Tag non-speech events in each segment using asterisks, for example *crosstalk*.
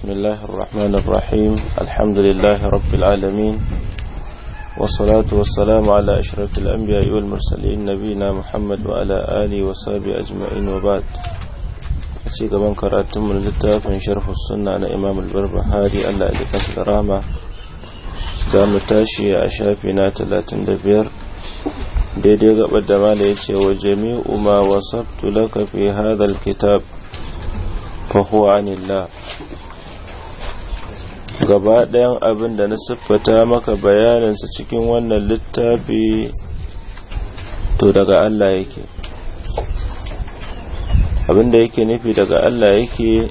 بسم الله الرحمن الرحيم الحمد لله رب العالمين والصلاة والسلام على أشرف الأنبياء والمرسلين نبينا محمد وعلى آله وصحبه أجمعين وبعد أشيك من قرأتم من الكتاب من شرف السنة على إمام البربهاري ألا ألقاش الكرامة دام تاشي أشافنا تلاتين دبير ديدي gabar da وجميع ما ce لك في هذا الكتاب فهو عن الله gaba ɗayan abin da na siffata maka bayaninsa cikin wannan littafi to daga Allah yake abin da yake nufi daga Allah yake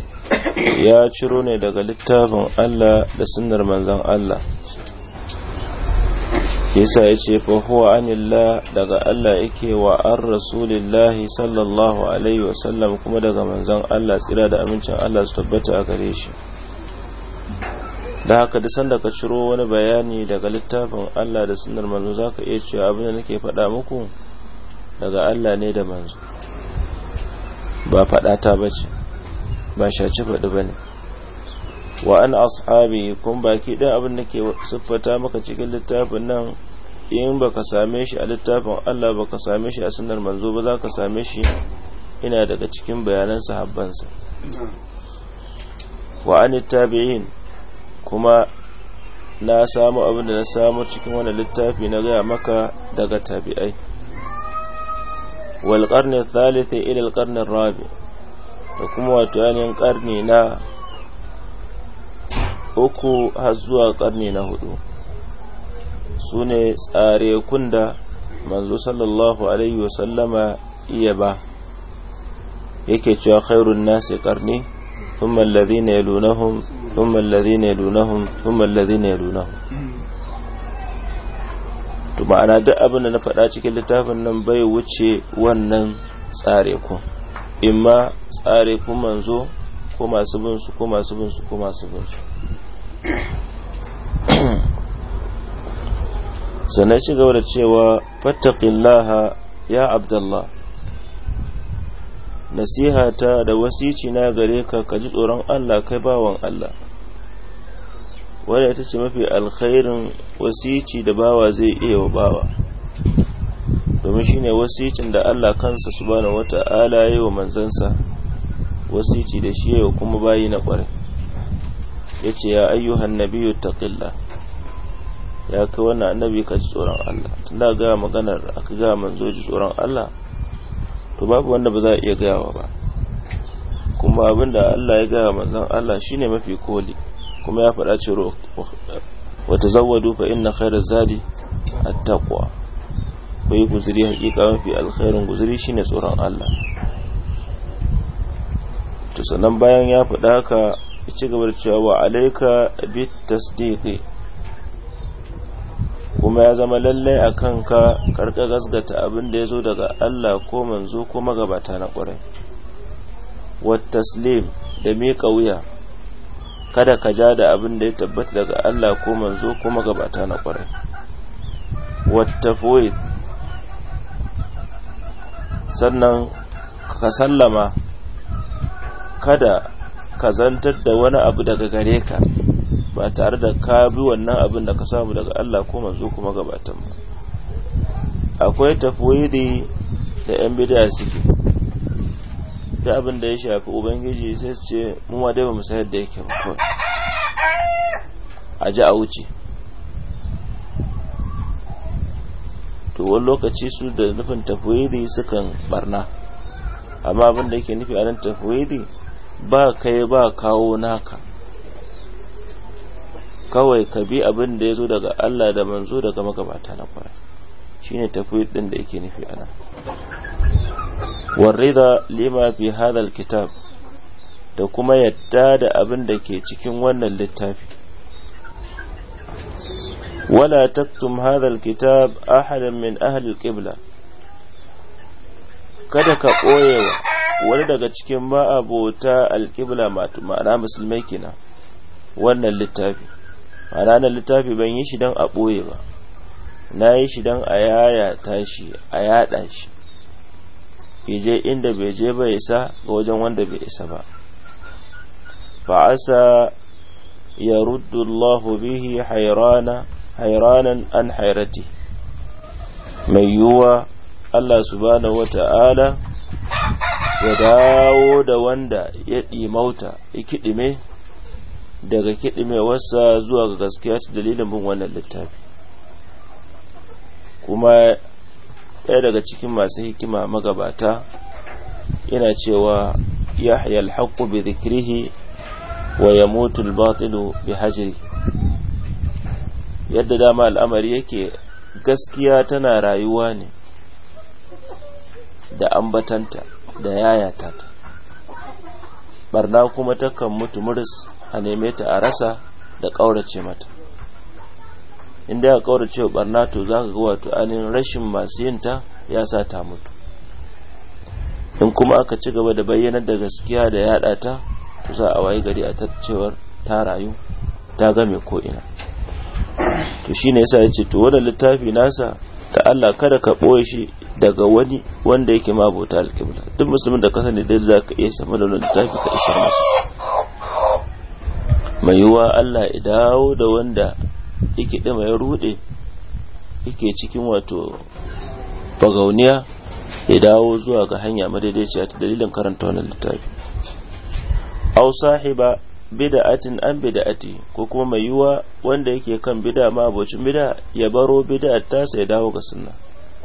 ya ciro ne daga littafin Allah da sunnar manzon Allah yasa ya ce fahuwa anillah daga Allah yake wa an rasulillahi sallallahu alaihi wasallam kuma daga manzon Allah tsira da amincin Allah su tabbata a gare shi da haka da sanda ka ciro wani bayani daga littafin Allah da sunnar manzo zaka iya cewa abin da nake faɗa muku daga Allah ne da manzo ba faɗa ta bace ba shaci faɗi bane wa an ashabi kun baki ɗin abin da ke siffata maka cikin littafin nan in baka same shi a littafin Allah baka same shi a sunnar manzo ba zaka same shi ina daga cikin bayanan sahabbansa wa an tabi'in kuma na samu abin da na samu cikin wani littafi na gaya maka daga tabi'ai wal qarni thalith ila al qarni rabi da kuma wato yanin ƙarni na uku har zuwa ƙarni na hudu su ne tsare kunda manzo sallallahu alaihi wasallama iya ba yake cewa khairun nasi ƙarni. ثم الذين يلونهم ثم الذين يلونهم ثم الذين يلونهم to ma'ana duk abin da na faɗa cikin littafin nan bai wuce wannan tsare ku imma tsare ku manzo ko masu bin su ko masu bin su ko masu bin su sannan ci gaba da cewa fattaqillaha ya abdullah nasihata da wasici na gare ka ka ji tsoron Allah kai bawan Allah wanda ita ce mafi alkhairin wasici da bawa zai iya wa bawa domin shine wasicin da Allah kansa subhanahu wata'ala ya yi wa manzansa wasici da shi ya kuma bayi na kwarai ya ce ya ayyuhan nabiyu taqilla ya kai wannan annabi ka ji tsoron Allah tunda ga maganar aka ga manzo ji tsoron Allah to babu wanda ba za a iya gayawa ba kuma abinda Allah ya gaya manzon Allah shine mafi koli kuma ya faɗa cewa wa tazawwadu fa inna khayra zadi at-taqwa ku yi guzuri hakika mafi alkhairin guzuri shine tsoron Allah to sannan bayan ya faɗa haka ci gaba da cewa wa alayka bit tasdiqi kuma ya zama lallai a kanka karka gasgata abin da ya zo daga Allah ko manzo ko magabata na ƙwarai taslim da miƙa wuya kada ka ja da abin da ya tabbata daga Allah ko manzo ko magabata na ƙwarai wattafoid sannan ka sallama kada ka zantar da wani abu daga gare ka ba tare da ka bi wannan abin da ka samu daga Allah ko manzo kuma gabatan ba akwai tafwidi da yan bid'a suke da abin da ya shafi ubangiji sai su ce mu ma dai ba mu sayar da yake ba a ji a wuce to wani lokaci su da nufin tafwidi sukan barna amma abin da yake nufi a nan tafwidi ba kai ba kawo naka kawai ka bi abin da ya zo daga Allah da manzo daga magabata na kwarai ne tafi din da yake nufi ana warida lima fi hadal kitab da kuma yadda da abin da ke cikin wannan littafi wala taktum hadal kitab ahadan min ahli qibla kada ka ɓoyewa wani daga cikin ma'abota alƙibla ma'ana musulmai kina wannan littafi a ranar littafi ban yi shi don a ɓoye ba na yi shi don a yaya tashi a yaɗa shi je inda bai je bai isa ga wajen wanda bai isa ba fa'asa ya allahu bihi hairanan an hairati mai yiwuwa Allah subhanahu wata'ala ya dawo da wanda ya ɗimauta ya kiɗime daga kiɗimewarsa zuwa ga gaskiya ta dalilin bin wannan littafi kuma ɗaya daga cikin masu hikima magabata yana cewa yahya haƙƙo bi zikirihi wa mutu albatilu bi hajiri. yadda dama al'amari yake gaskiya tana rayuwa ne da ambatanta da yayata ta barna kuma takan mutu muris a neme ta a rasa da ƙaurace mata inda ya ƙaurace wa ɓarna to za ka ga wato ainihin rashin masu yinta ya sa ta mutu in kuma aka ci gaba da bayyanar da gaskiya da yaɗa ta to za a wayi gari a taccewar ta rayu ta game ko ina to ne ya ce to wannan littafi nasa ta Allah kada ka ɓoye shi daga wani wanda yake mabota alƙibla duk musulmin da ka sani dai za ka iya samu da wani littafi ka isa masa mai yiwuwa Allah ya dawo da wanda yake ɗima ya ruɗe yake cikin wato bagauniya ya dawo zuwa ga hanya madaidaiciya ta dalilin karanta wannan littafi au sahiba bida'atin an bid'ati ko kuma mai yiwuwa wanda yake kan bida ma abocin bida ya baro bida ta sai dawo ga sunna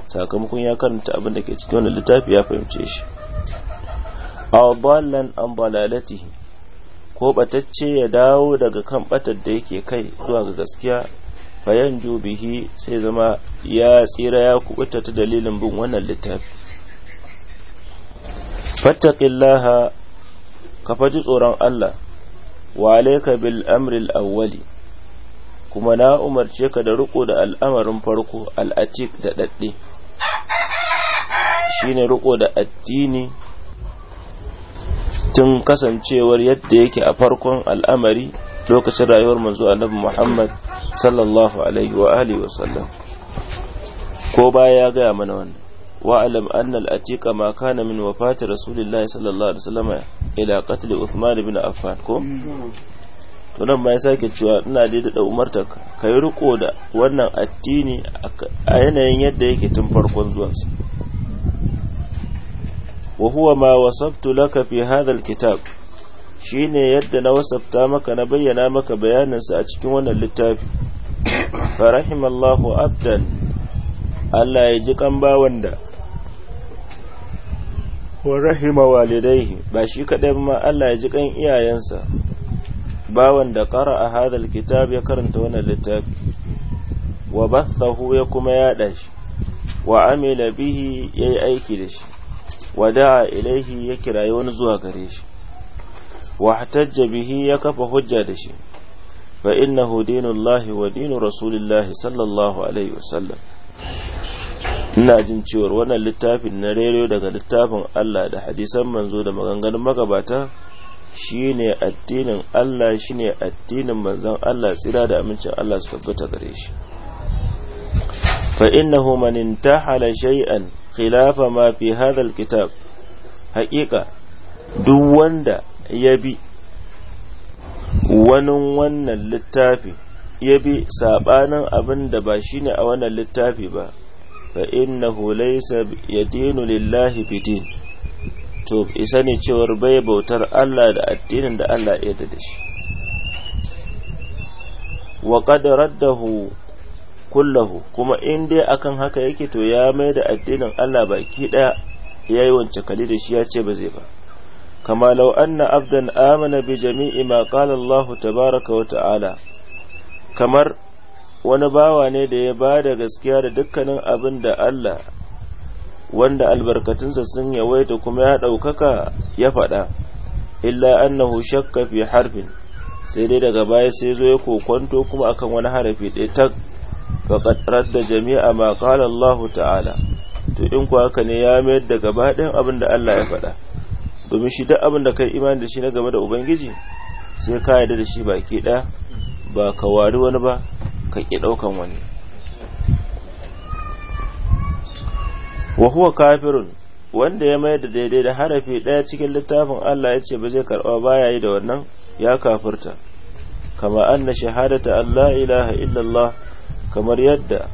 sakamakon ya karanta abin da ke cikin wannan littafi ya fahimce shi aw ballan an balalatihi ko batacce ya dawo daga kan batar da yake kai zuwa ga gaskiya fayan bihi sai zama ya tsira ya kubuta ta dalilin bin wannan littafi fattakillaha ka faji tsoron Allah wa alayka bil amri awwali kuma na umarce ka da riko da al'amarin farko al'atik da dadde shine riko da addini tun kasancewar yadda yake a farkon al'amari lokacin rayuwar manzo annabi Muhammad sallallahu alaihi wa alihi wa sallam ko baya ya gaya mana wannan wa alam anna al ma kana min wafati rasulillahi sallallahu alaihi wasallam ila qatl Uthman ibn Affan ko to nan ma sake cewa ina dai da umartar ka yi riko da wannan addini a yanayin yadda yake tun farkon zuwansa wa huwa ma wasabtu laka fi hadha alkitab shine yadda na wasafta maka na bayyana maka bayanin sa a cikin wannan littafi fa rahimallahu abdan Allah ya ji kan bawan da wa rahima walidaihi ba shi kadai ma Allah ya ji kan iyayensa bawan da qara'a hadha alkitab ya karanta wannan littafi wa bathahu ya kuma yada shi wa amila bihi yayi aiki da shi wada'a ilaihi ya kirayi wani zuwa gare shi wa hatajja bihi ya kafa hujja da shi fa innahu dinullahi wa dinu rasulillahi sallallahu alaihi wasallam ina jin cewa wannan littafin na rere daga littafin Allah da hadisan manzo da maganganun magabata shine addinin Allah shine addinin manzon Allah tsira da amincin Allah su tabbata gare shi fa innahu man intahala shay'an khilafa mafi fi kitab haƙiƙa duk wanda ya bi wani wannan littafi ya bi saɓanin abinda ba shi ne a wannan littafi ba fa innahu ya yadinu lillahi bidin to isa ne cewar bai bautar Allah da addinin da Allah ya da shi wa qad hu. kullahu kuma in dai akan haka yake to ya mai da addinin Allah baki daya yayi wance kali da shi ya ce ba zai ba kama law anna abdan amana bi jami'i ma qala Allah tabaaraka wa ta'ala kamar wani bawa ne da ya ba da gaskiya da dukkanin abin da Allah wanda albarkatunsa sun yawaita kuma ya ɗaukaka ya faɗa illa annahu shakka fi harfin sai dai daga baya sai zo ya kokwanto kuma akan wani harafi ɗaya tak faqad da jami'a ma qala Allah ta'ala to in ku haka ne ya mayar da gaba ɗayan abin da Allah ya faɗa domin shi duk abin da kai imani da shi na gaba da ubangiji sai ka yarda da shi baki ɗaya ba ka wari wani ba ka ƙi ɗaukan wani wa huwa kafirun wanda ya mayar da daidai da harafi ɗaya cikin littafin Allah ya ce ba zai karɓa ya yi da wannan ya kafirta kama anna shahadata Allah ilaha illallah kamar yadda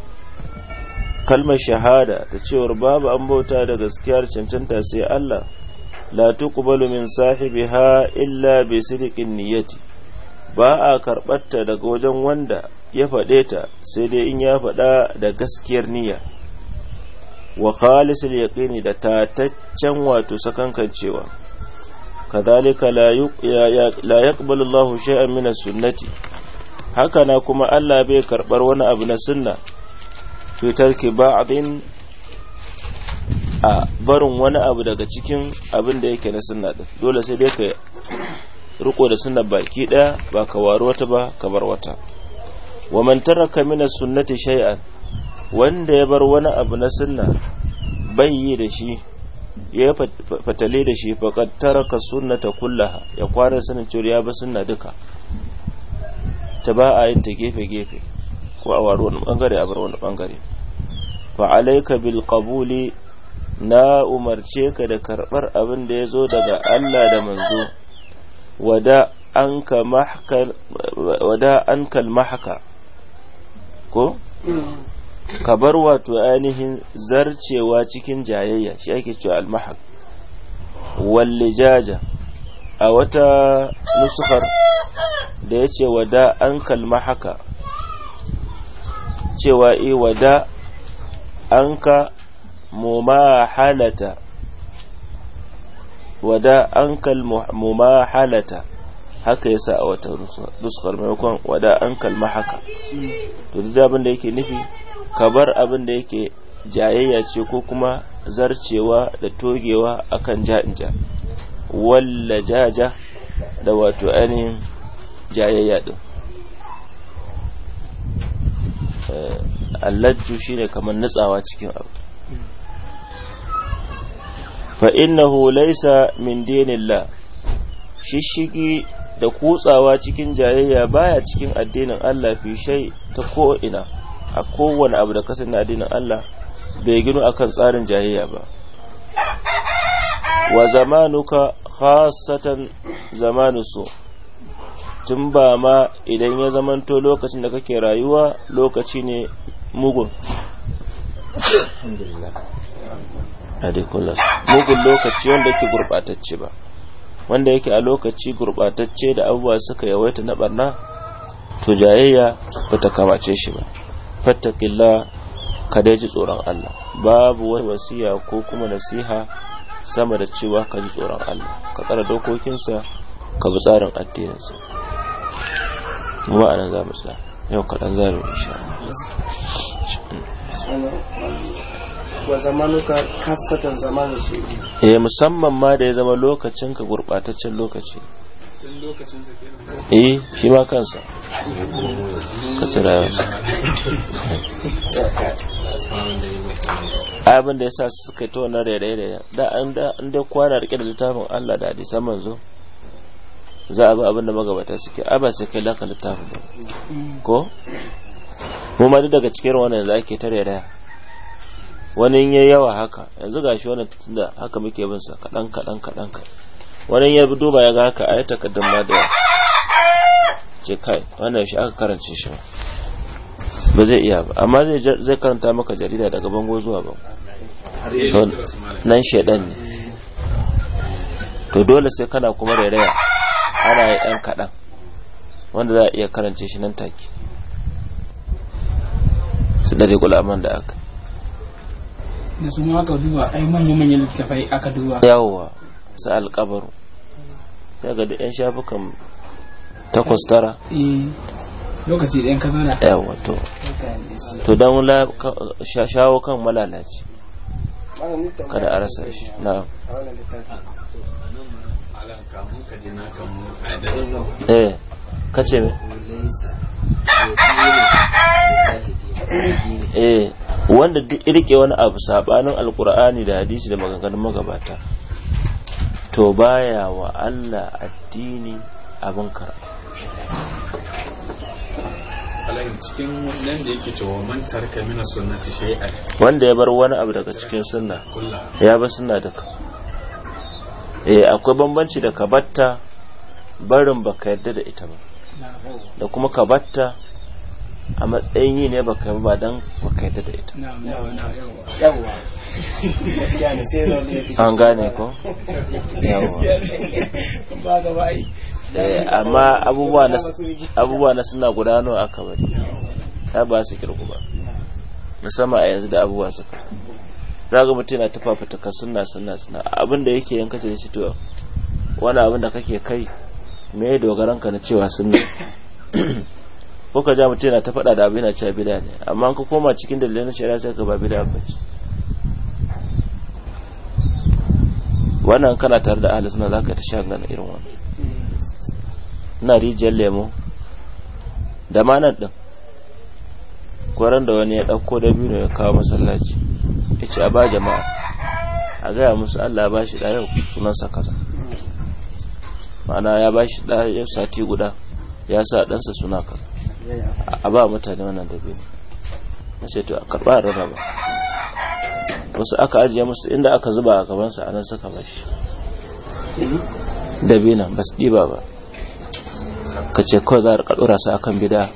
kalmar shahada ta cewar babu an bauta da gaskiyar cancanta sai Allah la tuqbalu min sahibiha illa bi sidqin niyyati ba a karɓarta daga wajen wanda ya faɗe ta sai dai in ya faɗa da gaskiyar niyya wa khalisul yaqini da tataccen wato sakankancewa kadhalika la yaqbalu Allahu shay'an min as-sunnati haka na kuma Allah bai karɓar wani abu na sunna fitar tarki ba'din a barin wani abu daga cikin abin da yake na sunna din dole sai dai ka riko da sunna baki daya ba ka wari wata ba ka bar wata wa man taraka min sunnati shay'an wanda ya bar wani abu na sunna bai yi da shi ya fatale da shi faqad taraka sunnata kullaha ya kwara sunan cewa ya ba sunna duka ta ba a yin ta gefe-gefe ko a wari wani bangare a bar wani bangare fa alaika bil qabuli na umarce ka da karbar abin da ya zo daga Allah da manzo wada an ka mahkal wada an kal mahaka ko ka bar wato ainihin zarcewa cikin jayayya shi ake cewa al mahak wal lijaja a wata nusufar da ya ce wada an kalma haka cewa e wada an ka halata wada an kalma halata haka ya sa a wata nusufar maimakon wada an kalma haka to duk abin da yake nufi ka bar abin da yake jayayya ce ko kuma zarcewa da togewa akan ja'in ja walla jaja da wato ainihin jayayya din eh, allajju ne kamar nutsawa cikin abu fa innahu min dinilla shishigi da kutsawa cikin jayayya baya cikin addinin Allah fi shai ta ko'ina, a kowane abu da na addinin Allah bai a kan tsarin jayayya ba wa zamanuka khasatan zamanu su tun ba ma idan ya zamanto lokacin da kake rayuwa lokaci ne mugun mugun lokaci wanda yake gurbatacce ba wanda yake a lokaci gurbatacce da abubuwa suka yawaita na barna to jayayya ba ta kamace shi ba fattakilla ka daji tsoron Allah babu wani wasiya ko kuma nasiha sama da cewa ka ji tsoron Allah ka tsara dokokinsa ka bi tsarin addininsa mu ba nan za mu sa yau kaɗan za mu insha wa zamanuka kasatan zamanin su eh musamman ma da ya zama lokacin ka gurbataccen lokaci eh shi ma kansa ka abin da ya sa su suka ta wannan rairaye da an da kwana rike da littafin Allah da hadisa manzo za a bi abin da magabata suke a ba sai kai laka littafin ba ko mu ma duk daga cikin wannan yanzu ake ta da wani ya yawa haka yanzu gashi wannan da haka muke bin sa kadan kadan kadan wani ya duba ya ga haka ayi takaddun ma da ce kai wannan shi aka karance shi ba zai iya ba amma zai karanta maka jarida daga bango zuwa ba nan shaidan ne to dole sai kana kuma rairaya ana yi ɗan kaɗan wanda za a iya karance shi nan take su ɗare gulaman da aka da su aka duba ai manya-manyan littafai aka duba yawowa su alƙabaru sai ga da 'yan shafukan takwas tara eh, lokaci ɗayan ka zauna yawa to to don shawo kan malalaci kada a rasa shi na eh kace me eh wanda duk irke wani abu sabanin alkur'ani da hadisi da maganganun magabata to baya wa Allah addini abin karɓa cikin nan da yake cewa man tarka sunnati shay'an wanda ya bar wani abu daga cikin sunna ya bar sunna duka eh akwai bambanci da kabatta barin baka yarda da ita ba da kuma kabatta a matsayin yi ne baka ba dan baka yarda da ita an gane ko *laughs* yawa ba Eh, amma abubuwa na suna gudano a kamar ta ba su kirku ba musamman a yanzu da abubuwa suka za ga mutum na tafafa taka suna suna suna abin da yake yanka da shi to wani abin da kake kai me dogaran ka na cewa suna ko ka ja mutum na ta faɗa da abin na cewa bida ne amma ka koma cikin dalilin na shari'a sai ka ba bida ba ce wannan kana tare da ahli sunna zaka ta shagana irin wannan na rijiyar lemo da manar ɗin kwaran da wani ya ɗauko da biyu ya kawo masallaci ya ce a ba jama'a a gaya musu allah ba shi ɗaya sunansa kaza ma'ana ya ba shi ɗaya sati guda ya sa ɗansa suna kaza a ba mutane wannan da biyu na ce to a karɓa a rarraba wasu aka ajiye musu inda aka zuba a gabansa a nan suka bashi dabinan ba su ɗiba ba ka ce kawai za a rika dora su akan bid'a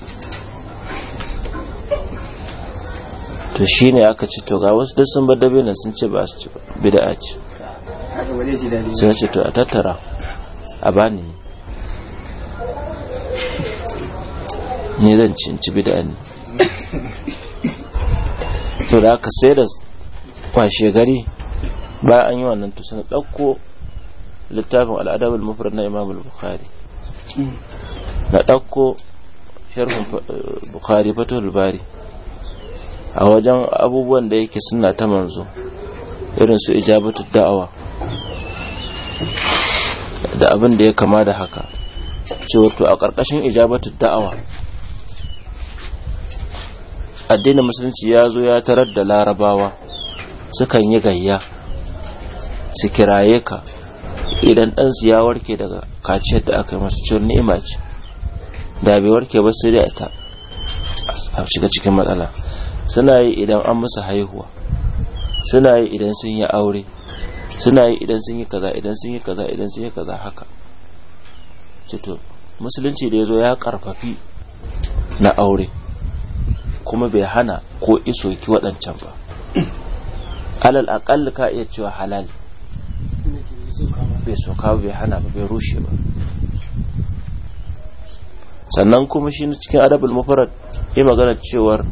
to shi ne aka ce to ga wasu duk sun bar dabinan sun ce ba su ci bid'a ci sun ce to a tattara a bani ni zan cinci bid'a ne to da aka sai da kwashe gari ba an yi wannan to sun ɗauko littafin al'adabul mufrad na imam al-bukhari na ɗauko sharhun bukhari fatul bari a wajen abubuwan da yake suna ta manzo irin su ijabatu da'awa da abin da ya kama da haka cewar to a ƙarƙashin ijabatu da'awa addinin musulunci ya zo ya tarar da larabawa sukan yi gayya su kiraye ka idan ɗansu ya warke daga kaciyar da aka yi masa ciwon ni'ima ce da bai warke ba sai dai ta a shiga cikin matsala suna yi idan an musu haihuwa suna yi idan sun yi aure suna yi idan sun yi kaza idan sun yi kaza idan sun yi kaza haka cito musulunci da ya zo ya karfafi na aure kuma bai hana ko iso ki waɗancan ba alal aƙalli ka iya cewa halal bai soka bai hana ba bai rushe ba sannan kuma shi cikin adabul mufarad ya magana cewar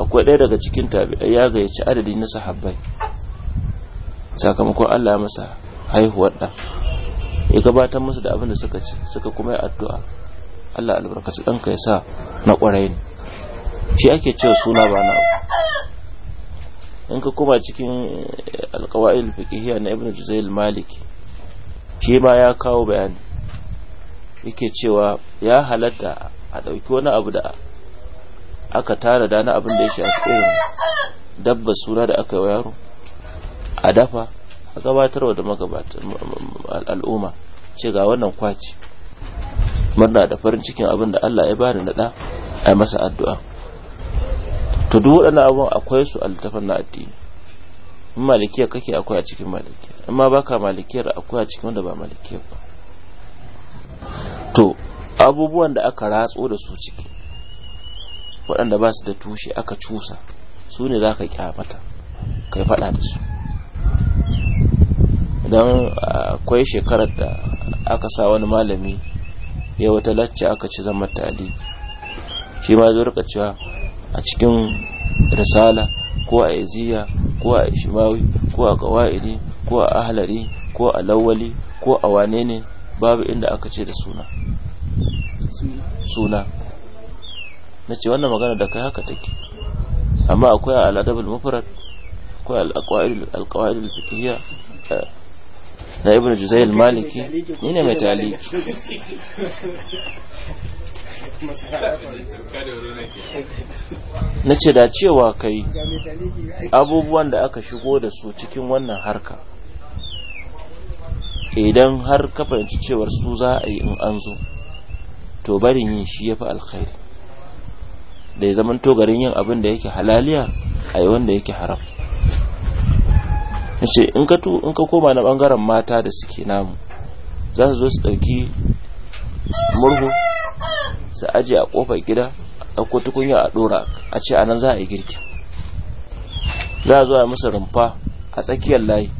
akwai ɗaya daga cikin a ya gayyaci adadi na sahabbai sakamakon Allah masa haihuwar ɗan ya gabatar musu da abin da suka ci suka kuma yi addu'a Allah albarkaci ɗanka ya sa na ƙwarai ne shi ake cewa suna ba na in ka koma cikin eh, alƙawa'il fiqhiyya na ibn Juzayl Maliki shi ma ya kawo bayani yake cewa ya halatta a ɗauki wani abu da aka tara da na abin da ya a tsohon dabba suna da aka yi yaro a dafa a gabatarwa da al'umma ce ga wannan kwaci murna da farin cikin abin da Allah ya bani naɗa a masa addu'a to duk waɗannan abubuwan akwai su a littafin na addini in kake akwai a cikin malikiyar amma baka malikiyar akwai a cikin wanda ba malikiyar ba to abubuwan da aka ratso da su ciki waɗanda ba su da tushe aka cusa su ne za ka kyamata ka yi faɗa da su don akwai shekarar da aka sa wani malami ya wata lacce aka ci zama tali shi ma zai rika cewa a cikin risala ko a iziya ko a ishimawi ko a ƙawa'idi ko a ahlari ko a lawali ko a wane ne babu inda aka ce da suna suna na ce wannan magana da kai haka take amma akwai al'adabul mufrad akwai al fiqhiyya eh, na ibnu juzayl maliki ni ne mai taliki na ce da cewa kai abubuwan da aka shigo da su cikin wannan harka idan har ka fahimci cewar su za a yi in an zo to barin yin shi ya fi alkhairi da ya zama togarin yin abin da yake halaliya a yi wanda yake haram na ce in ka koma na bangaren mata da suke namu za su zo su ɗauki murhu su aje a kofar gida a ɗauko tukunya a ɗora a ce anan za a yi girki za a zo a masa rumfa a tsakiyar layi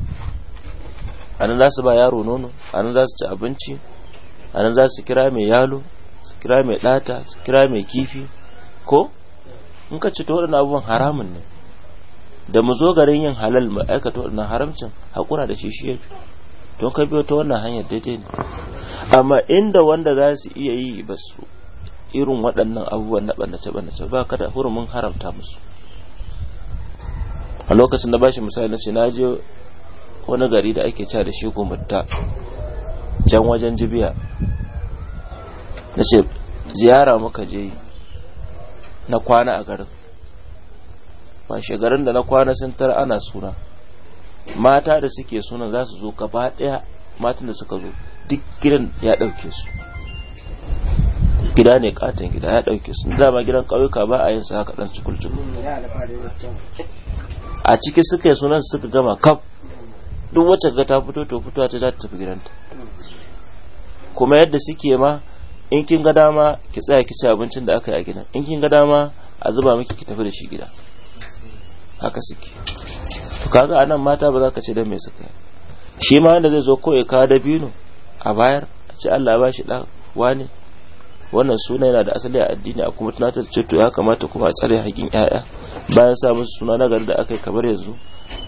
anan za su ba yaro nono anan za su ci abinci anan za su kira mai yalo su kira mai ɗata su kira mai kifi ko in ka ci ta abubuwan haramun ne da mu zo garin yin halal mu aikata wannan haramcin hakura da shi shi ya fi don ka biyo ta wannan hanyar daidai ne amma inda wanda za su iya yi ba su irin waɗannan abubuwan na ɓannace-ɓannace ba kada hurumin haramta musu a lokacin da bashi misali na ce na je wani gari da ake ca da shi gumutta can wajen jibiya na ce ziyara muka je na kwana a garin ba shekarun da na kwana sun tara ana suna mata da suke suna za su zo gaba ɗaya matan da suka zo duk gidan ya ɗauke su gida ne katin gida ya dauke su dama gidan kauyuka ba a yin su haka dan cikul a ciki suka yi sunan suka gama kaf duk wacce ga ta fito to fitowa ta za ta tafi gidanta kuma yadda suke ma in kin ga dama ki tsaya ki ci abincin da aka yi a gidan in kin ga dama a zuba miki ki tafi da shi gida haka suke to kaga anan mata ba za ka ce dan me suka shi ma wanda zai zo ko ya kawo dabino a bayar a ce Allah ba shi dan wane wannan suna yana da asali a addini a kuma tunatar ce to ya kamata kuma a tsare haƙin 'ya'ya bayan sa musu suna na gari da aka yi kamar yanzu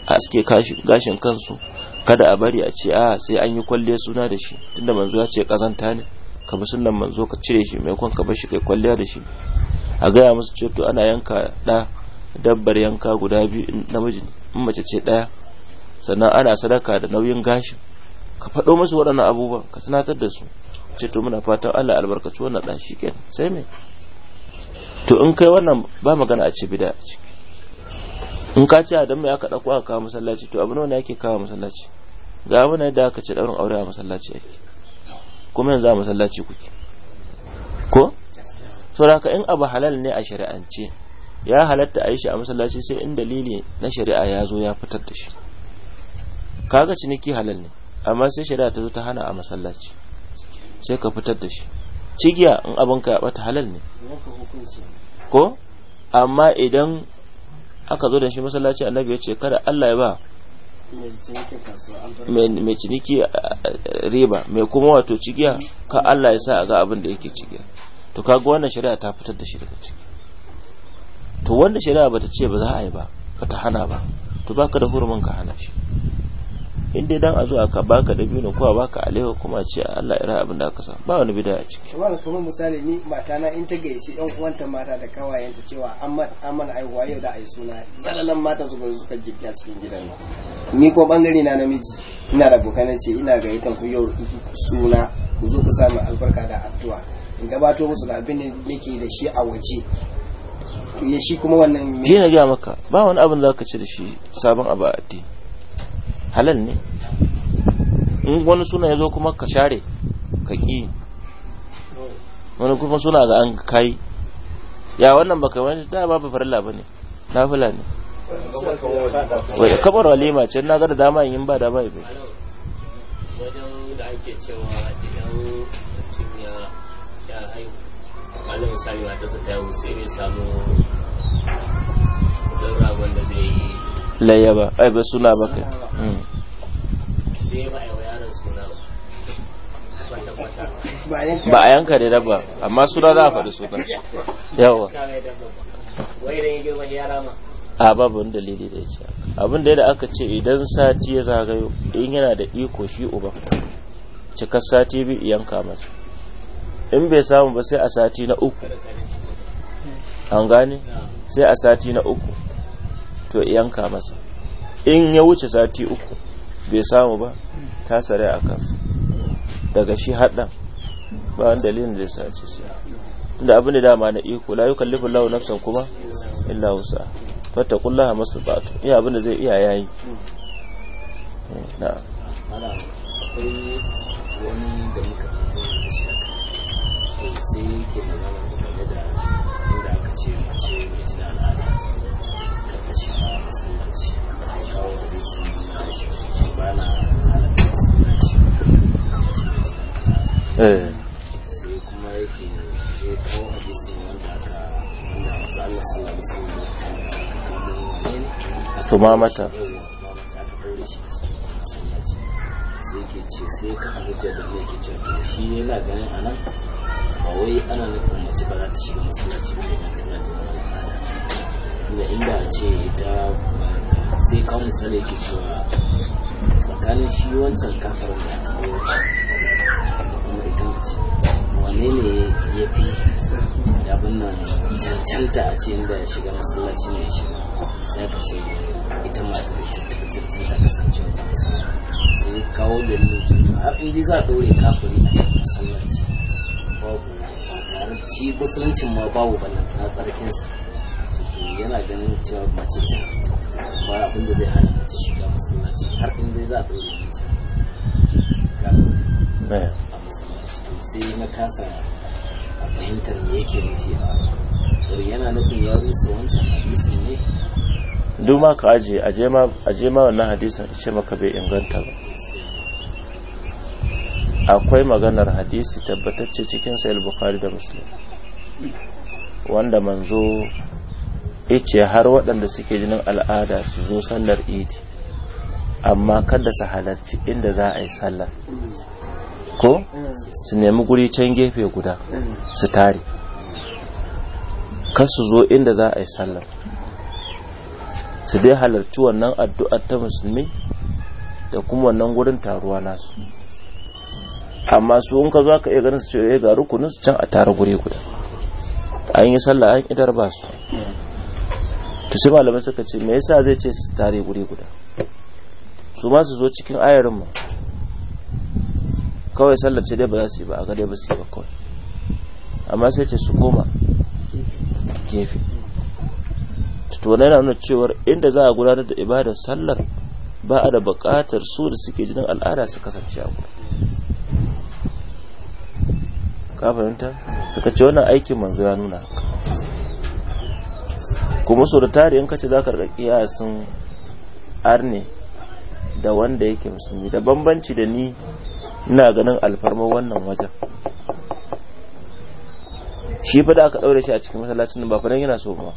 a suke gashin kansu kada a bari a ce a sai an yi kwalliya suna da shi tunda manzo ya ce kazanta ne ka bi sunan manzo ka cire shi maimakon ka bar shi kai kwalliya da shi a gaya musu ce to ana yanka ɗa dabbar yanka guda biyu namiji in mace ce ɗaya sannan ana sadaka da nauyin gashin ka faɗo musu waɗannan abubuwan ka sanatar da su ce to muna fatan Allah albarkaci wannan dan shikenan sai me to in kai wannan ba magana a ce bid'a a ciki in ka ce adam ya ka dauko aka kawo masallaci to abin wanda yake kawo masallaci ga abin da aka ce daurin aure a masallaci yake kuma yanzu a masallaci kuke ko so da in abu halal ne a shari'ance ya halatta a yi shi a masallaci sai in dalili na shari'a ya zo ya fitar da shi kaga ciniki halal ne amma sai shari'a ta zo ta hana a masallaci sai ka fitar da shi cigiya in abin ka ya bata halal ne ko amma idan aka zo da shi masallaci annabi ya ce kada Allah ya ba mai ciniki riba mai kuma wato cigiya ka Allah ya sa a ga abin da yake cigiya to kaga wannan shari'a ta fitar da shi daga ciki to wannan shari'a bata ce ba za a yi ba bata hana ba to baka da hurumin ka hana shi in dai dan a zo aka baka da ko a baka alewa kuma ce Allah ira abin da aka sa ba wani bid'a a ciki kamar kamar misali ni mata na in ta gayyaci yan uwanta mata da kawayenta cewa amma amana aiwa yau da ai suna zalalan mata su gozo suka jibga cikin gidan ni ko bangare na namiji ina da abokan ce ina yatan ku yau suna ku zo ku samu albarka da addu'a in gabato musu da abin da nake da shi a waje ya shi kuma wannan ne na gaya maka ba wani abin da zaka ci da shi sabon abu a addini halal ne in wani suna ya zo kuma ka share ka ƙi wani kuma suna ga an kai ya wannan baka wani da ba farilla ba ne na fula ne kamar walima ce na ga da dama yin ba dama bai wajen da ake cewa idan mutum ya haihu malam sami mata ta haihu sai ne samu don ragon da zai layya ba ai ba suna ba kai hmm. ba a yanka da dabba amma suna za a faɗi suna yawa a babu dalili da ya ce abin da aka ce idan sati ya zagayo in yana da iko shi uba cikar sati bi yanka masa in bai samu ba sai a sati na uku an gane sai a sati na uku to yanka masa in ya wuce sati uku bai samu ba ta sare a kansa daga shi hadan ba wani dalilin da ya sace sai tunda abin da dama na iko la yukallifu Allahu nafsan kuma illa wusa fattaqullaha mastabatu iya abin da zai iya yayi eh, na Eh. sai kuma yake je kawo hadisin wanda aka wanda wata Allah sallallahu alaihi wasallam da eh, aka ne mata sai ke ce sai ka hujja da ne ke cewa shi yana ganin anan ba wai ana nufin mace ba za ta shiga masallaci ba idan tana jin al'ada inda ce ita sai kawo misali ke cewa tsakanin shi wancan kafar da aka ce wane ne ya fi abin nan cancanta a ce inda shiga masallaci ne shi sai ka ce ita matar ta cancanta kasance wata masallaci sai kawo da nuna har inda za a ɗore kafiri a cikin masallaci babu ba tare ci musuluncin ma babu ba na tsarkinsa yana ganin cewa mace ce ba abin da zai hana mace shiga masallaci har inda za a ɗaure mace a masallaci sai na kasa a fahimtar me yake nufi a yana nufin ya rusa wancan hadisin ne duk ma ka aje aje ma wannan hadisin ce maka bai inganta ba akwai maganar hadisi tabbatacce cikin sayil bukari da muslim wanda manzo ice har waɗanda suke jinin al'ada su zo sallar idi amma kada su halarci inda za a yi sallar ko su nemi guri can gefe guda su tare kar su zo inda za a yi sallar su dai halarci wannan addu'ar ta musulmi da kuma wannan gurin taruwa nasu amma su in ka zo ka iya ganin su ya eh, ga rukunin su can a tare guri guda an yi sallah an idar ba su to sai malamai suka ce me yasa zai ce su tare guri guda su ma su zo cikin ayarin mu kawai sallar ce dai ba za su yi ba a gare ba su yi ba kawai amma sai ce su koma gefe to na yana nuna cewar inda za a gudanar da ibadar sallar ba a da bukatar su da suke jinin al'ada su kasance a gudu ka fahimta suka ce wannan aikin manzo ya nuna kuma so da tare in kace za ka rika kiyasin arne da wanda yake musulmi da bambanci da ni ina ganin alfarmar wannan wajen shi fa da aka daure shi a cikin masallacin ba fa yana so ba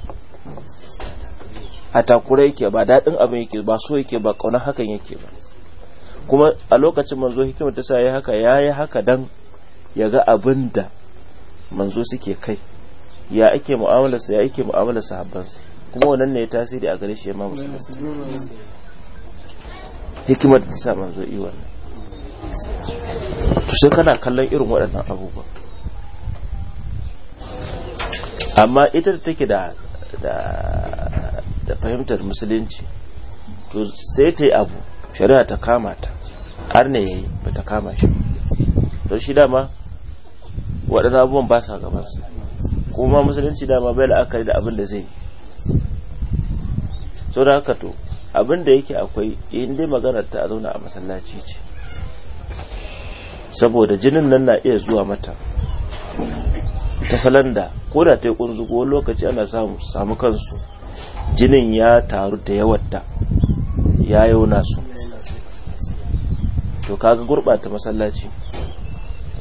a takura yake ba daɗin abin yake ba so yake ba ƙaunar hakan yake ba kuma a lokacin manzo hikimar ta sa ya haka ya yi haka dan ya ga abin da manzo suke kai ya ake mu'amalarsa ya ake mu'amalar sahabbansa kuma wannan ne ya tasiri a gare shi ya ma musulunci hikimar ta sa manzo iya wannan to sai kana kallon irin waɗannan abubuwa amma ita da take da da fahimtar musulunci to sai ta yi abu shari'a ta kama ta har ne yayi ba ta kama shi don shi dama waɗannan abubuwan ba sa gabansa kuma musulunci dama bai la'akari da abin da zai yi sau da haka to abin da yake akwai inda magana ta zauna a masallaci ce saboda jinin nan na iya zuwa mata ta salanda da ko da ta yi ko lokaci ana samu samu kansu jinin ya taru da yawatta ya yauna su to kaga gurbata masallaci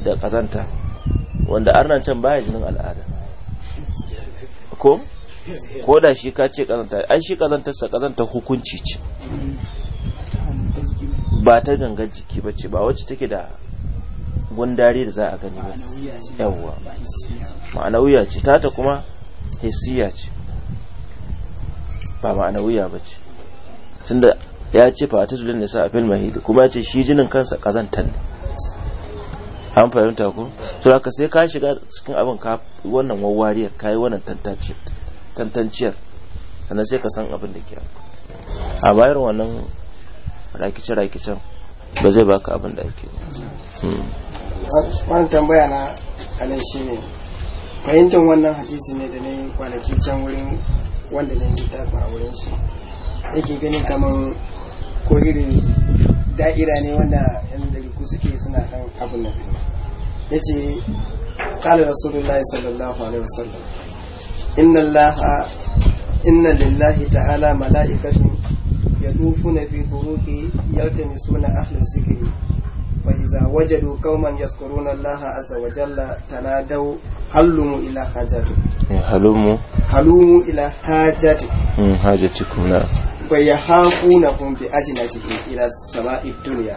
da kazanta wanda arnan can baya jinin al'ada ko ko da shi ka ce kazanta ai shi kazantarsa kazanta hukunci ce ba ta gangar jiki ba ce ba wacce take da gundari da za a gani ba yawwa ma'anawiya ce tata kuma hissiya ce ba ma'anawiya ba ce tunda ya ce fa ta zulun nisa a fil mahid kuma ya ce shi jinin kansa kazantar ne an fahimta ko to haka sai ka shiga cikin abin ka wannan ka yi wannan tantanciyar sannan sai ka san abin da ke a bayar wannan rakice-rakicen ba zai baka abin da ake yi. wani tambaya na anan shi ne fahimtar wannan hadisi ne da na yi kwanaki can wurin wanda na yi littafin a wurin shi yake ganin kamar ko irin da'ira ne wanda yan dariku suke suna kan abin biyu ya ce kala rasulullahi sallallahu alaihi wasallam inna inna lillahi ta'ala mala'ikatun yadufuna fi yaltani yaltamisuna ahlul zikri فإذا وجدوا قوما يذكرون الله عز وجل تنادوا هلموا إلى حاجته هلموا هلموا إلى حاجتكم حاجتكم نعم ويخافونهم بأجنتهم إلى السماء الدنيا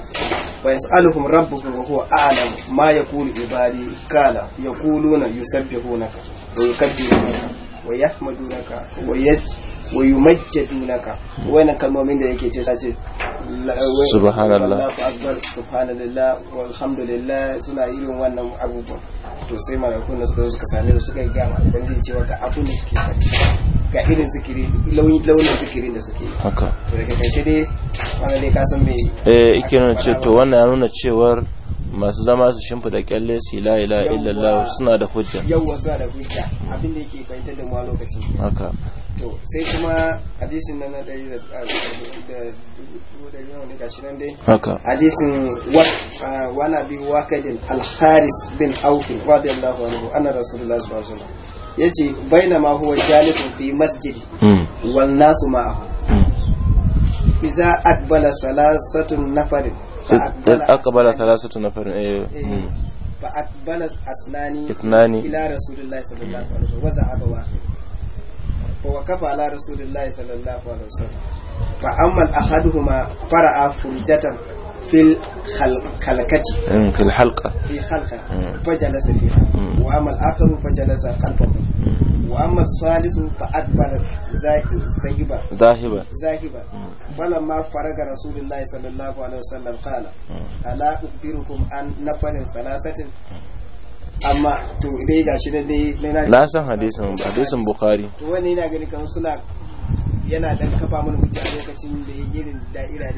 ويسألهم ربهم وهو أعلم ما يقول عبادي قال يقولون يسبحونك ويكبرونك ويحمدونك ويجب Wayu yumajjadunaka wannan kalmomin da yake ce sace subhanallah akbar subhanallah walhamdulillah suna irin wannan abubuwa to sai malakun da suka same su suka ga ubangiji cewa ga abun da suke ga irin zikiri launin zikirin da suke haka to dai wannan ka san me eh ce to wannan ya nuna cewar masu zama su shimfida kyalle su la ila illallah suna da hujja yawa suna da hujja abin da yake fahimtar da mu lokacin haka to sai kuma hadisin nan na dari da haka hadisin wala bi wakadin al-haris bin auf radiyallahu anhu anna rasulullahi sallallahu alaihi wasallam yace bainama huwa jalisun fi masjidi hmm. wal nasu ma'ahu hmm. salasatun nafarin aqbala thalathatu nafarin eh, eh hmm. fa aqbala aslani ila rasulillahi ahaduhuma fara'a furjatan fil halkati mm, fil halka fi halka mm. fajalasa fiha mm. wa amma al-akharu fajalasa khalfahu wa amma salisu fa adbara zahiba zahiba zahiba falamma faraga rasulullahi sallallahu alaihi wasallam qala ala an salasatin amma to dai gashi dai na san hadisin hadisin bukhari to wani yana gani kan suna yana dan kafa mana hujja lokacin da ya irin da'ira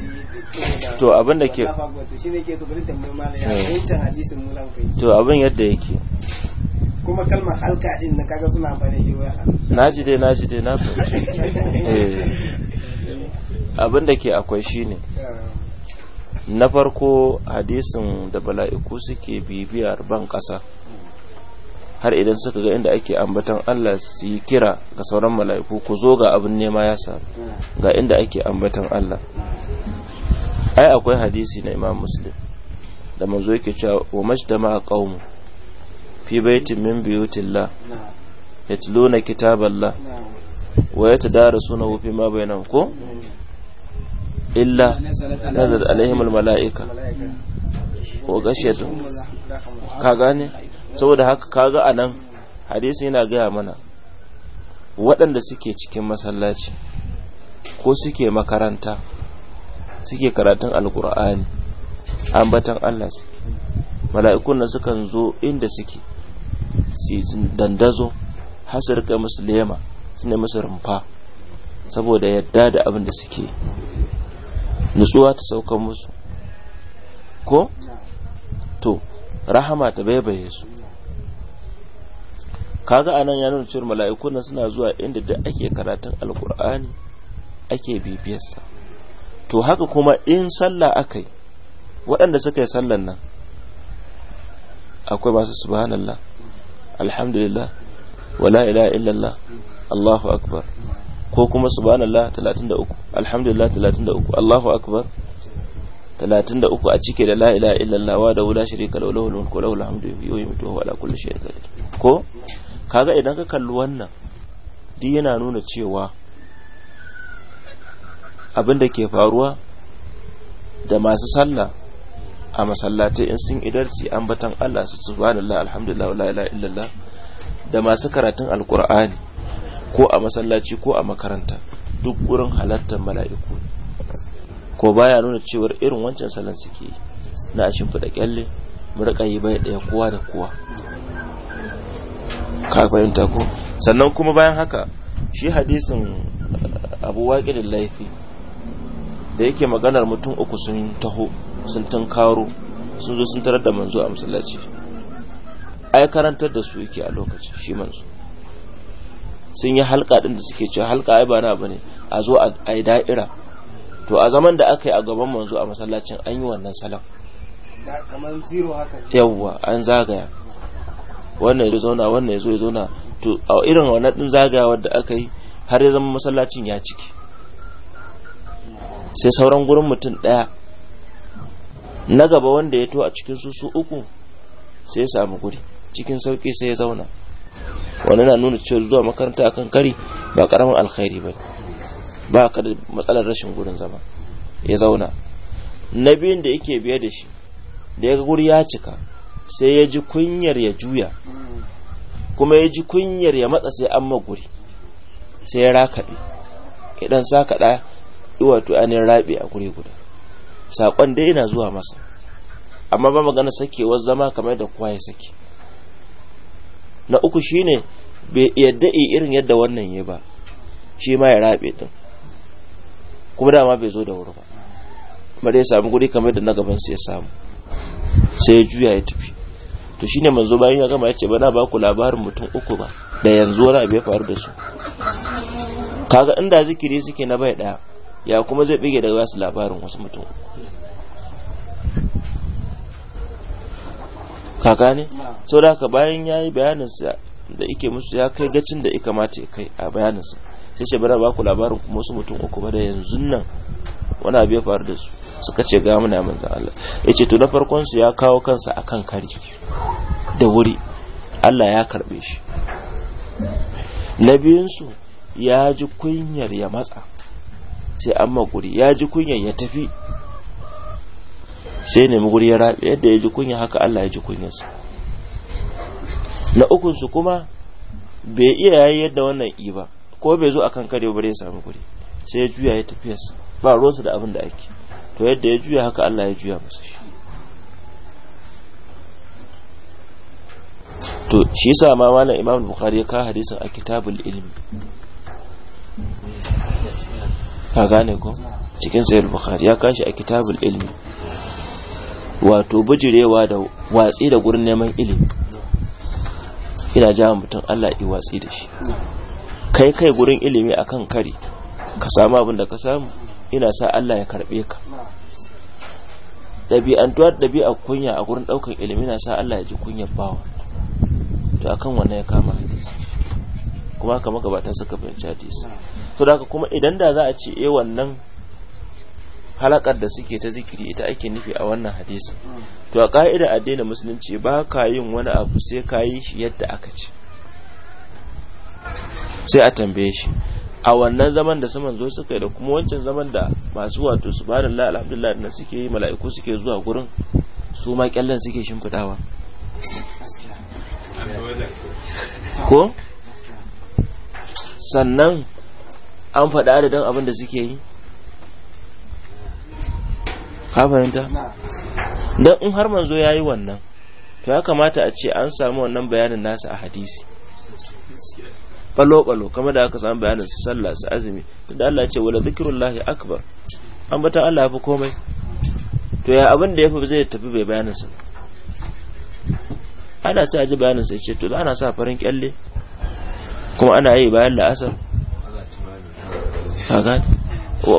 da to abin da ke to shine ke to bari tambaye mala ya fahimtar eh. hadisin mu lan fahimci to abin yadda yake kuma kalmar halka din na kaga suna amfani shi waya naji dai naji dai na *laughs* eh. abin da ke akwai shine eh. na farko hadisin da bala'iku suke bibiyar ban kasa har idan suka ga inda ake ambatan Allah su yi kira ga sauran mala'iku ku zo ga abin nema ya samu ga inda ake ambatan Allah ai akwai hadisi na Imam Muslim da manzo yake cewa wa majtama qaumu fi baitin min buyutillah yatluna kitaballah wa yatadarasuna fi ma bainahum ko illa nazal alaihim almalaika wa gashiyatu ka gane saboda haka kaga a nan hadisi yana gaya mana waɗanda suke cikin masallaci ko suke makaranta suke karatun alkur'ani ambatan Allah suke mala'ikun na sukan zo inda suke su dandazo hasar ga musu su ne musu rumfa saboda yadda da abin da suke nutsuwa ta sauka musu ko to rahama ta baibaye su kaga anan ya nuna cewa mala'iku suna zuwa inda da ake karatun alkur'ani ake bibiyarsa to haka kuma in sallah akai waɗanda suka yi sallan nan akwai masu subhanallah alhamdulillah wala ilaha illallah Allahu akbar ko kuma subhanallah 33 alhamdulillah 33 Allahu akbar 33 a cike da la ilaha illallah wa da wala sharika lahu mulku wa la hamdu yuhyi wa wa ala kulli shay'in qadir ko kaga idan ka kalli wannan duk yana nuna cewa abin da ke faruwa da masu sallah a masallatai in sun idar su ambatan Allah su subhanallah alhamdulillah wala ilaha illallah da masu karatun alkur'ani ko a masallaci ko a makaranta duk gurin halartar mala'iku ko baya nuna cewar irin wancan sallan suke na a shimfiɗa kyalle mu bai ɗaya kowa da kowa ka ko sannan kuma bayan haka shi hadisin uh, abu da laifi da yake maganar mutum uku sun taho sun tunkaro sun zo sun tarar da manzo a masallaci ai karantar da su yake a lokaci shi manzo sun yi halka ɗin da suke cewa halka ai ba na bane a zo a da'ira to a zaman da aka yi a gaban manzo a masallacin an yi wannan salam yawwa an zagaya wannan ya zauna wannan ya zo ya zauna to a irin wannan din zagayawar da aka yi har ya zama masallacin ya ciki sai sauran gurin mutum ɗaya na gaba wanda ya to a cikin su su uku sai ya samu guri cikin sauki sai ya zauna wani na nuna cewa zuwa makaranta akan kari ba karamin alkhairi ba ba ka da matsalar rashin gurin zama ya zauna na biyun da yake biye da shi da ya guri ya cika sai ya ji kunyar ya juya kuma ya ji kunyar ya matsa sai an maguri sai ya rakaɗe idan sa kaɗa an yin raɓe a guri guda saƙon dai yana zuwa masa amma ba magana sakewar zama kamar da kowa ya sake na uku shine bai yadda irin yadda wannan ya ba shi ma ya raɓe din kuma dama bai zo da wuri ba ba dai samu guri kamar da na gaban sai ya samu sai ya juya ya tafi to shine manzo bayan ya gama yace bana ba ku labarin mutum uku ba da yanzu wani abu ya faru da su kaga inda zikiri suke na bai daya ya kuma zai bige daga wasu labarin wasu mutum kaka ne so da haka bayan ya yi bayaninsa da ike musu ya kai gacin da ya kamata ya kai a bayaninsa sai shi bara ba ku labarin kuma wasu mutum uku ba da yanzu nan wani abu ya faru da su suka ce ga muna manzan Allah ya ce to na farkon su ya kawo kansa a kan kari da wuri Allah ya karbe shi na biyunsu su ya ji kunyar ya matsa sai an maguri ya ji kunyar ya tafi sai nemi guri ya rabe yadda ya ji kunya haka Allah ya ji kunyarsa na ukun kuma bai iya yayi yadda wannan iba ko bai zo akan kare bare ya samu guri sai ya juya ya tafiyarsa ba ruwansu da abin da ake to yadda ya juya haka Allah ya juya masa shi to shi yasa ma malam Imam Bukhari ya kawo hadisin a kitabul ilmi ka gane ko cikin sayar Bukhari ya kashi a kitabul ilmi wato bujirewa da watsi da gurin neman ilimi ina jawo mutum Allah i watsi da shi kai kai gurin ilimi akan kari ka samu abin da ka samu ina sa Allah ya karbe ka ɗabi'antuwa da ɗabi'a kunya a gurin ɗaukan ilimi na sa Allah ya ji kunya bawa to akan wannan ya kama hadisi kuma kamar gabata suka fahimci hadisi to da kuma idan da za a ce eh wannan halakar da suke ta zikiri ita ake nufi a wannan hadisi to a ka'ida addinin musulunci ba ka yin wani abu sai ka yi shi yadda aka ce sai a tambaye shi a wannan zaman da saman zo suka yi da kuma wancan zaman da masu wato su ba da alhamdulillah na suke yi mala'iku suke zuwa gurin su ma kyallan suke shimfidawa ko sannan an faɗa adadin abin da suke yi ka fahimta don in har manzo ya yi wannan to ya kamata a ce an samu wannan bayanin nasa a hadisi balo-balo kama da aka samu bayanin su sallah su azumi da Allah ce wala lahi akbar an bata Allah fi komai to ya abin da fi zai tafi bai bayanin sa ana sai a ji bayanin sa ce to ana sa farin kyalle kuma ana yi bayan la'asar kaga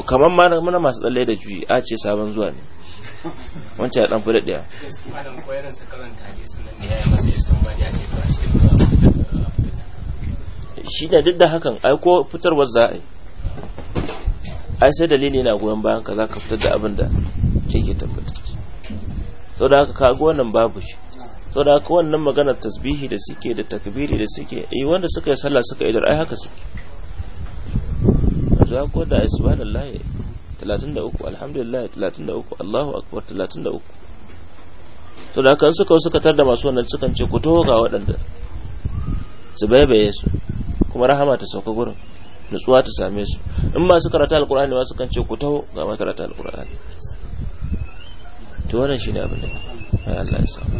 kamar ma muna masu tsalle da juyi a ce sabon zuwa ne wancan ya dan fi daɗaya shi da duk da hakan ai ko fitarwar za a yi ai sai dalili na goyon bayan ka za ka fitar da abin da yake tabbata sau da haka kago wannan babu shi sau da haka wannan maganar tasbihi da suke da takbiri da suke yi eh, wanda suka yi sallah suka idar ai haka suke za ko da subhanallah 33 alhamdulillah 33 Allahu akbar 33 to da haka suka suka tar da masu wannan cikan ce ku ga waɗanda su bai su kuma rahama ta sauka gurin nutsuwa ta same su in masu karatu alkur'ani ma su kan ce ku taho ga masu karatu alkur'ani to wannan shine abin da ai Allah ya samu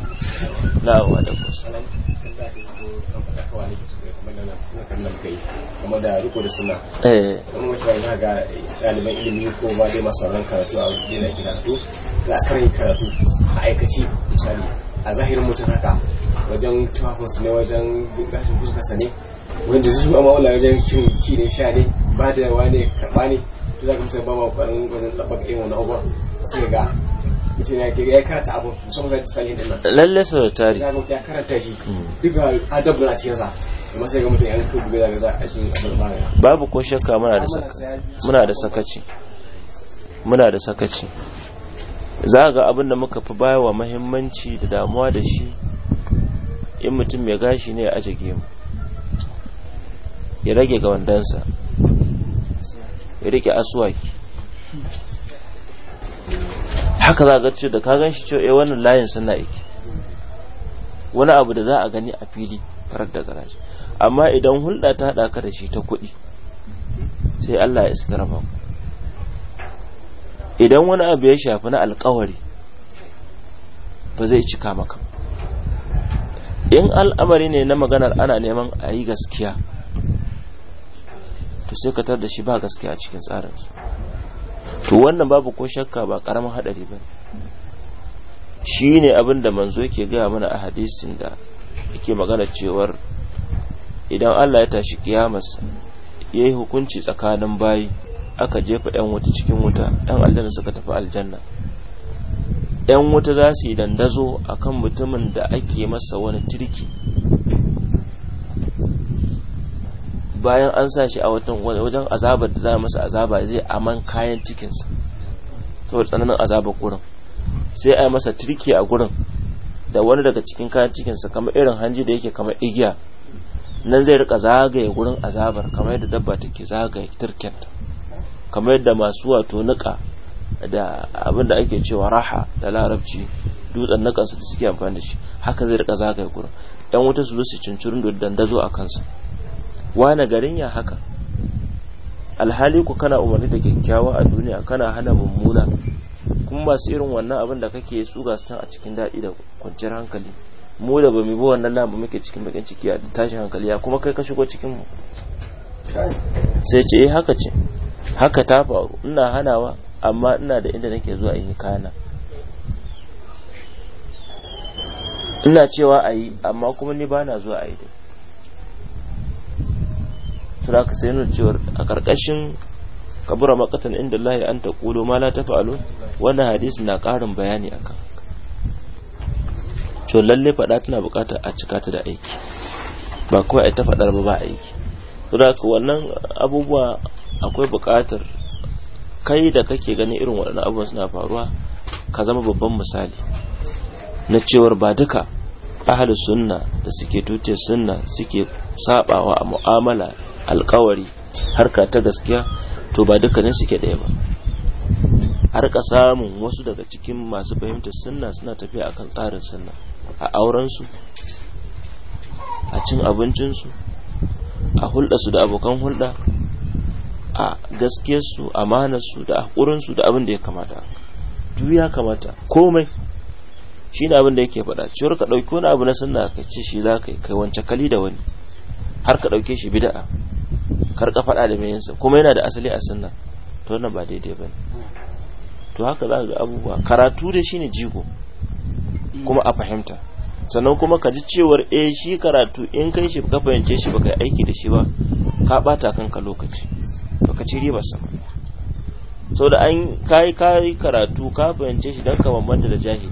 na wa da ku kuma da riko da suna eh. kuma ɗaliban ilimi ko dai masu karatu a aikaci misali a zahirin mutum haka wajen ne wajen gashin fuskarsa ne wanda su ba wala wajen cin ci ne sha ne ba da yawa ne karɓa ne to za ka musamman ba ma ƙwarin wajen ɗabbaƙa irin wani abubuwan sai ga mutum ya kira ya karanta abu musamman zai salihin dinnan lalle sau da tari ya karanta shi hmm. duk adab na cikin sa amma sai ga mutum ya rufe dubi daga za a cikin abin baya babu ko shakka muna da sakaci muna da sakaci za ga abin da muka fi bayawa mahimmanci da damuwa da shi in mutum ya gashi ne a ajiye mu ya rage ga wandansa ya rike aswaki haka za a ce da ka shi cewa ya eh, wannan layin suna iki wani abu da za a gani a fili farar da garaji amma idan hulɗa ta haɗaka da shi ta kuɗi sai Allah ya istara ku idan wani abu ya shafi na alkawari ba zai cika maka in al'amari ne na maganar ana neman a yi gaskiya to sai ka tar da shi ba gaske a cikin tsarinsa to wannan babu ko shakka ba karamin hadari ba shi ne abin da manzo yake gaya mana a hadisin da yake magana cewar idan Allah ya tashi kiyamas ya yi hukunci tsakanin bayi aka jefa 'yan wuta cikin wuta 'yan aljanna suka tafi aljanna 'yan wuta za su yi dandazo akan mutumin da ake masa wani tirki bayan an sa shi a watan wajen azabar da za masa azaba zai aman kayan cikinsa saboda tsananin azabar gurin sai a yi masa tirki a gurin da wani daga cikin kayan cikinsa kamar irin hanji da yake kamar igiya nan zai rika zagaye gurin azabar kamar yadda dabba take zagaye tirkinta kamar yadda masu wato niƙa da abin da ake cewa raha da larabci dutsen niƙansu da suke amfani da shi haka zai rika zagaye gurin yan wuta su zo su cincirin da dandazo a kansa wane garin ya haka alhali ku kana umarni da kyakkyawa a duniya kana hana mummuna kuma masu irin wannan abin da kake su ga san a cikin daɗi da kwanciyar hankali mu da bamu bi wannan lamu muke cikin bakin ciki a tashin hankali ya kuma kai ka shigo cikin mu sai ce eh haka ce haka ta faru ina hanawa amma ina da inda nake zuwa in yi kana ina cewa ayi, yi amma kuma ni bana zuwa a za ka sai nuna cewar a karkashin kabura makatan inda Allah an ta kulo ma la fa'alu wannan hadisi na karin bayani akan to lalle fada tana bukata a cika ta da aiki ba kawai ai ta fadar ba ba aiki ka wannan abubuwa akwai buƙatar kai da kake ganin irin waɗannan abubuwan suna faruwa ka zama babban misali na cewar ba duka ahalus sunna da suke tuce sunna suke sabawa a mu'amala alkawari harka ta gaskiya to ba dukkanin suke ɗaya ba harka ka samun wasu daga cikin masu fahimtar sunna suna tafiya akan tsarin sunna a aurensu a cin abincinsu a hulɗarsu da abokan hulɗa a gaskiyarsu amanarsu da haƙurinsu da abin da ya kamata duk ya kamata komai shi ne abin da yake faɗa cewar ka ɗauki wani abu na sunna ka ce shi za ka yi kai wance kali da wani har ka ɗauke shi bida'a karka faɗa da mayinsa kuma yana da asali a sunna to wannan ba daidai ba ne to haka za ga abubuwa karatu da shine ne jigo kuma a fahimta sannan kuma ka ji cewar eh shi karatu in kai shi ka fahimce shi baka aiki da shi ba ka bata kanka lokaci ka ci riba sa so da an kai kai karatu ka fahimce shi dan ka bambanta da jahili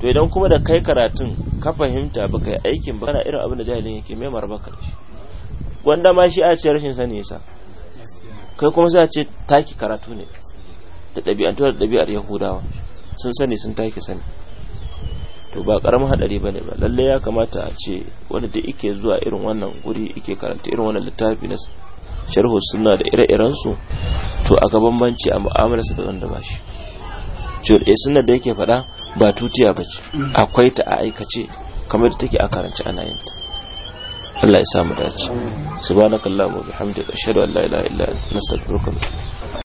to idan kuma da kai karatun ka fahimta baka yi aikin ba kana irin abin da jahilin yake mai marbaka da shi wanda ma shi a ce rashin sani yasa kai kuma za a ce taki karatu ne da ɗabi'antuwa da ɗabi'ar yahudawa sun sani sun taki sani to ba karamin hadari bane ba lalle ya kamata a ce wanda da yake zuwa irin wannan guri yake karanta irin wannan littafi na sharhu sunna da ire-iren su to a gaban banci a mu'amalar da wanda ba shi to eh sunna da yake faɗa ba tutiya bace akwai ta a aikace kamar da take a karanci ana yin ta Allah ya samu dace subhanakallahumma wa bihamdika ashhadu an la ilaha illa anta astaghfiruka